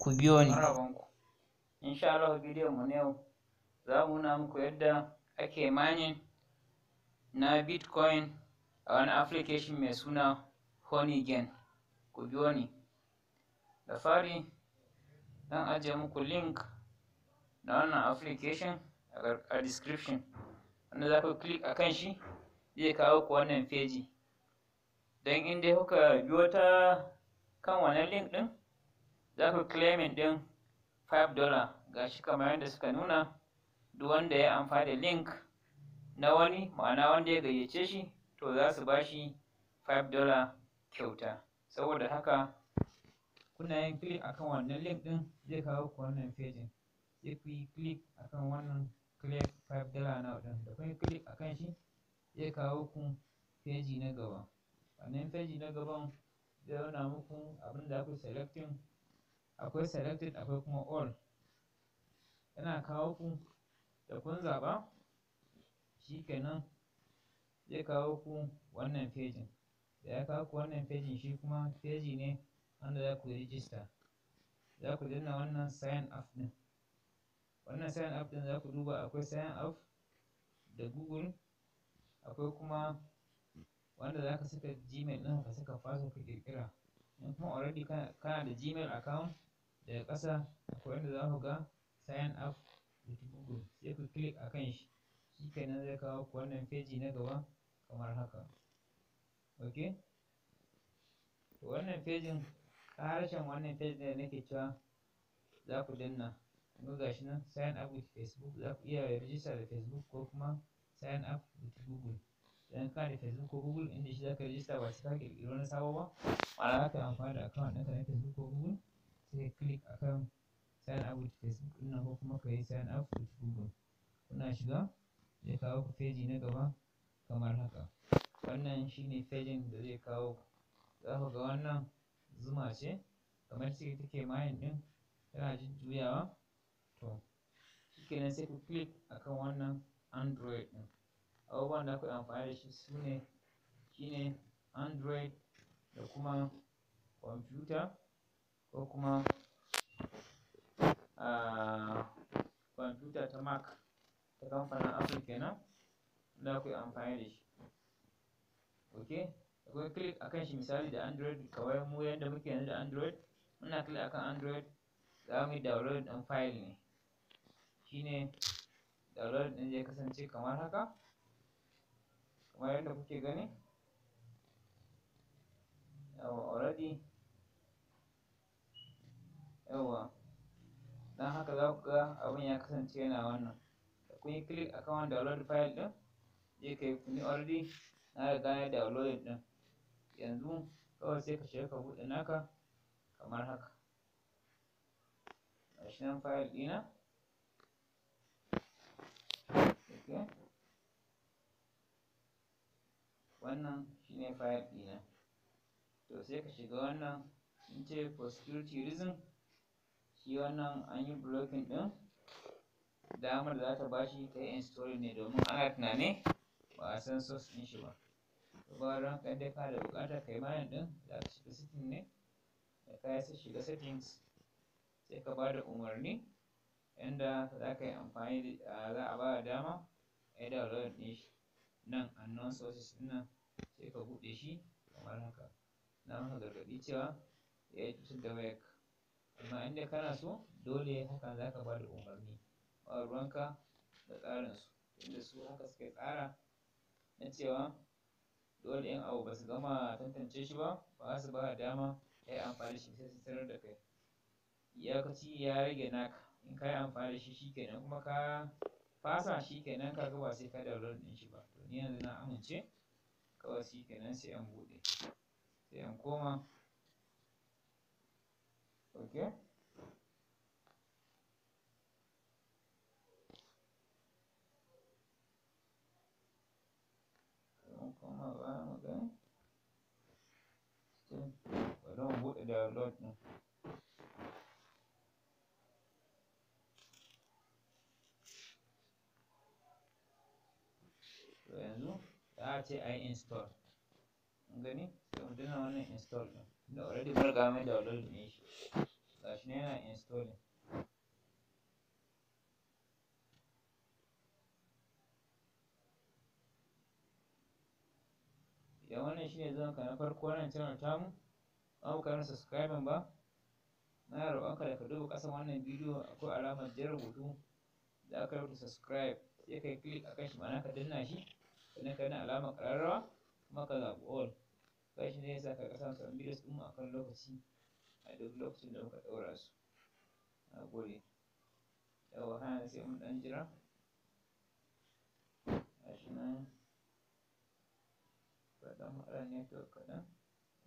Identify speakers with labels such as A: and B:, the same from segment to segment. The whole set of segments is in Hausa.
A: ku biyo ni insha Allah bidiyon mu yau za mu nuna muku yadda ake mining na bitcoin a wani application mai suna honigan. ku biyo ni da fari zan ajiye muku link na wannan application a description wanda za ku click a kan shi zai kawo ku wannan feji don inda kuka biyo ta kan wannan link ɗin za ku claiming din 5 ga gashi kamar yadda suka nuna duk wanda ya amfani da link na wani ma'ana wanda ya gayyace shi
B: to za su ba
A: shi 5 kyauta saboda haka kuna yin click akan wannan link din zai kawo ku wannan page sai ku yi click akan wannan click 5 na din da kuma click akan shi zai kawo ku feji na gaba wannan feji na gaban zai nuna muku abin da ku selecting akwai selected akwai kuma all yana kawo ku da kun shi shikenan zai kawo ku wannan fejin da ya kawo ku wannan fejin shi kuma feji ne wanda za ku register za ku danna wannan sign up din wannan sign up din za ku duba akwai sign up da google akwai kuma wanda za ka saka gmail ɗin ka saka password ka ƙirƙira in kuma already kana da gmail account daga ƙasa akwai wanda za ku ga sign up with google sai ku click a kan shi shi kenan zai kawo ku wannan feji na gaba kamar haka ok to wannan fejin harshen wannan ne da nake cewa za ku danna kuma shi nan sign up with facebook za ku iya register da facebook ko kuma sign up with google idan ka da facebook ko google inda shi za ka register ba sai ka ƙirƙiri wani sabo ba ma'ana za ka amfani da account ɗinka na facebook ko google sai click akan sign up with facebook ina ko kuma ka yi sign up with google kuna shiga zai kawo ku feji na gaba kamar haka wannan shine fejin da zai kawo za ku ga wannan zuma ce kamar ciki take mayan ɗin tana jujjuyawa to shikenan sai ku click akan wannan android ɗin abubuwan da kuka amfani da shi su ne shine android da kuma kwamfuta ko kuma a ah, kwamfuta ta Mac ta kamfanin Apple kenan da ku amfani da shi. ok akwai klik a kan shi misali da Android kawai mu yadda muke yanzu da Android muna click akan Android za mu yi download ɗin file ne shine download ɗin zai kasance kamar haka kamar yadda kuke gani already yawwa don haka za ku ga abin ya kasance yana wannan da kun yi click akan wani download file ɗin je ka yi kuni already na riga na download ɗin yanzu kawai sai ka shiga ka buɗe naka kamar haka gashi nan file ɗina wannan shine file ɗina to sai ka shiga wannan in ce for security reason shi wannan an yi blocking ɗin damar da za ta bashi ta yi installing ne domin ana tunani ba a san source ɗin shi ba bayan kan dai ka da buƙatar kai mayan ɗin za ka shiga setting ne da ka yi shiga settings sai ka ba da umarni inda za ka yi amfani da za a ba da dama a yi download ɗin shi nan unknown sources ɗin nan sai ka buɗe shi kamar haka na maka gargaɗi cewa ya yi cutar da wayarka amma inda kana so dole haka za ka ba da umarni a ruwanka da tsarinsu inda su haka suka tsara na cewa dole in abu ba su gama tantance shi ba ba su ba dama ka yi amfani shi sai su tarar da kai iyakaci ya rage naka in ka yi amfani shi shikenan kuma ka fasa shikenan ka gaba sai ka daura din shi ba to ni yanzu na amince kawai shikenan sai an buɗe sai an koma okay buɗe yanzu za ce a yi install gani sai mu na wannan install ɗin da already mun riga da download shi gashi yana instolin. ya wannan shine zuwan ka na farko wannan channel tamu ba mu karin subscribing ba na roƙon ka da ka duba ƙasan wannan bidiyo akwai alamar jan rubutu da aka rubuta subscribe sai kai click akan shi ma'ana ka danna shi sannan ka danna alamar ƙararrawa kuma ka zaɓi all kai shi ne ya sa ka ƙasan bidiyo ɗin mu akan lokaci a duk lokacin da muka ɗora su a guri yawa hana sai mun ɗan jira gashi nan ba ɗan haɗa network kaɗan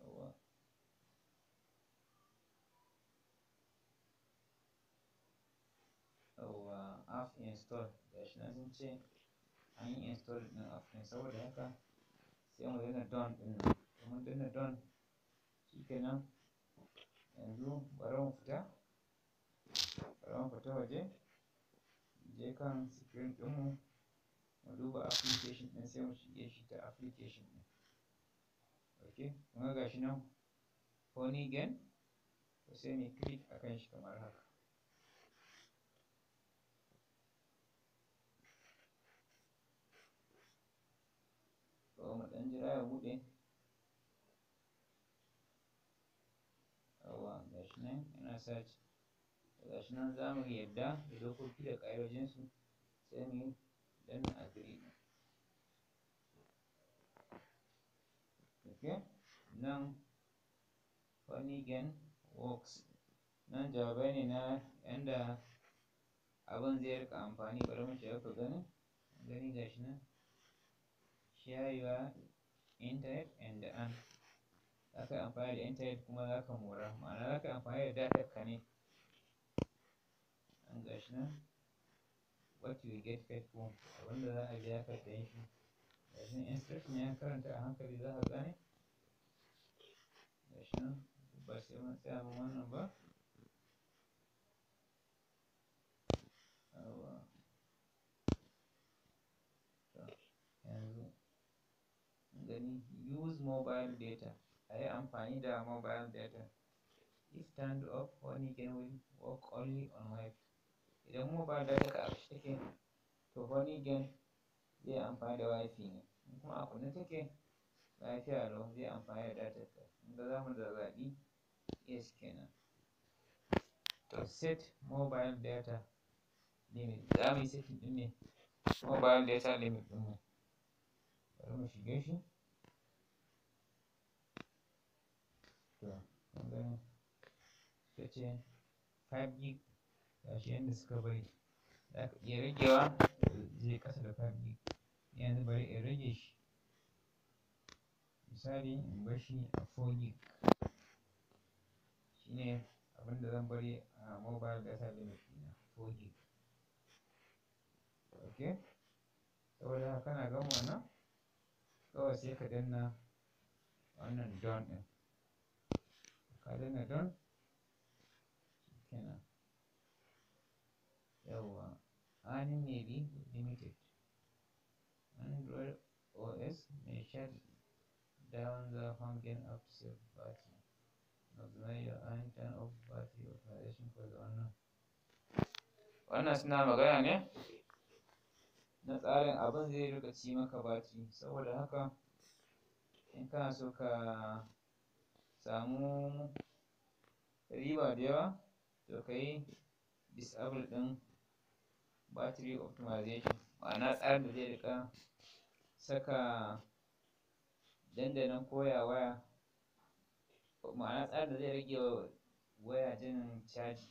A: yawa yawa app install gashi nan sun ce an yi install ɗin app saboda haka sai mu don ɗin nan mun daina don shi kenan yanzu bari mu fita bari mu fita waje je kan sikirin ɗinmu mu duba application ɗin sai mu shige shi ta application ɗin ok kuma ga shi nan phony gain to sai mu click akan shi kamar haka to mu ɗan jira ya buɗe na gashi yarda nan za mu yadda da dokoki da ƙa'idojinsu sai mu danna agree ok nan Conigan works nan jawabai ne na yanda abin zai rika amfani bari mu shiga ku gani gani gashi nan shayewa internet and an za ka yi amfani da intanet kuma za ka mora ma'ana za ka yi amfani da datar ka ne an gashi nan what you get paid for abinda za a biya ka da yanki gashi nan instruction ya karanta a hankali za ka gane gashi nan ba sai mun tsaya mun wannan ba use mobile data a yi amfani da mobile data. If turned off, wani game will work only on wi Idan mobile data ka abu take, to wani game zai amfani da wifi ne. In kuma a kunne take, lafiya lau zai amfani da data ka. Kun ga da zazzaɓi yes kenan. To set mobile data limit. Za mu yi setting ɗin ne mobile data limit ɗin mu. Bari mu shige shi. ganin ita ce 5 gig gashi yadda suka bari za ka iya ragewa zai kasa da 5 gig yanzu bari in rage shi misali in bar shi a 4 gig shine abinda zan bari a mobile data limit ɗina 4 gig ok saboda kana gama wannan kawai sai ka danna wannan don ɗin ka danna don kenan yawwa earning navy limited android os mai shar down the function of self battery maximize your earning turn off battery operation for the unknown wannan suna magana ne na tsarin abin zai rika ci maka batiri saboda haka in kana so ka samu riba da yawa to ka yi disable ɗin battery optimization ma'ana tsarin da zai rika saka dandanan koya waya ma'ana tsarin da zai rage waya jinin caji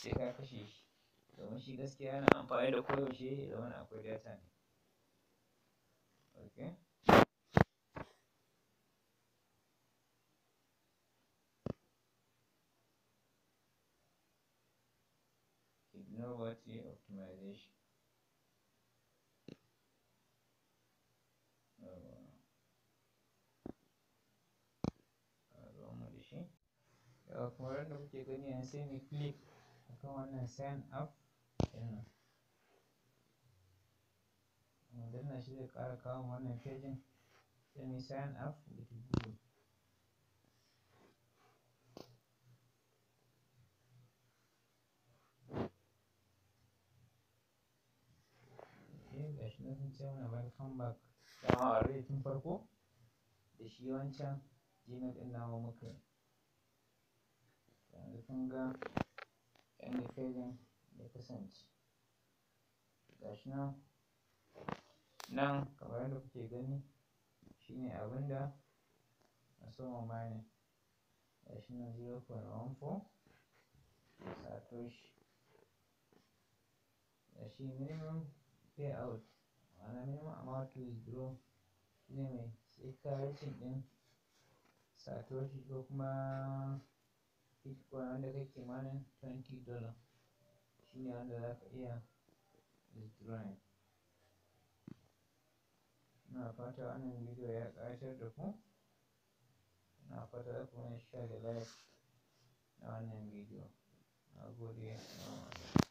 A: sai ka kashe shi domin shi gaskiya yana amfani da koyaushe domin akwai data ne know what the optimization yawa kamar yadda ni gani yanzu sai mu click sign up ɗin mu shi zai ƙara kawo wannan pejin sai mu sign up with kasance muna back comeback a already tun farko da shi wancan gmail ɗin namu muka yanzu kun ga yadda fejin ya kasance gashi nan nan kamar yadda kuke gani shine abinda musamman ma ne gashi nan 0.14 satoshi gashi minimum payout ma'ana minimum amount to shi ne mai sai ka reaching ɗin satoshi ko kuma bitcoin wanda kai kimanin 20 dollar ne wanda za ka iya withdrawing Ina fata wannan bidiyo ya ƙayatar da ku Ina fata za ku mana share da like na wannan bidiyo na gode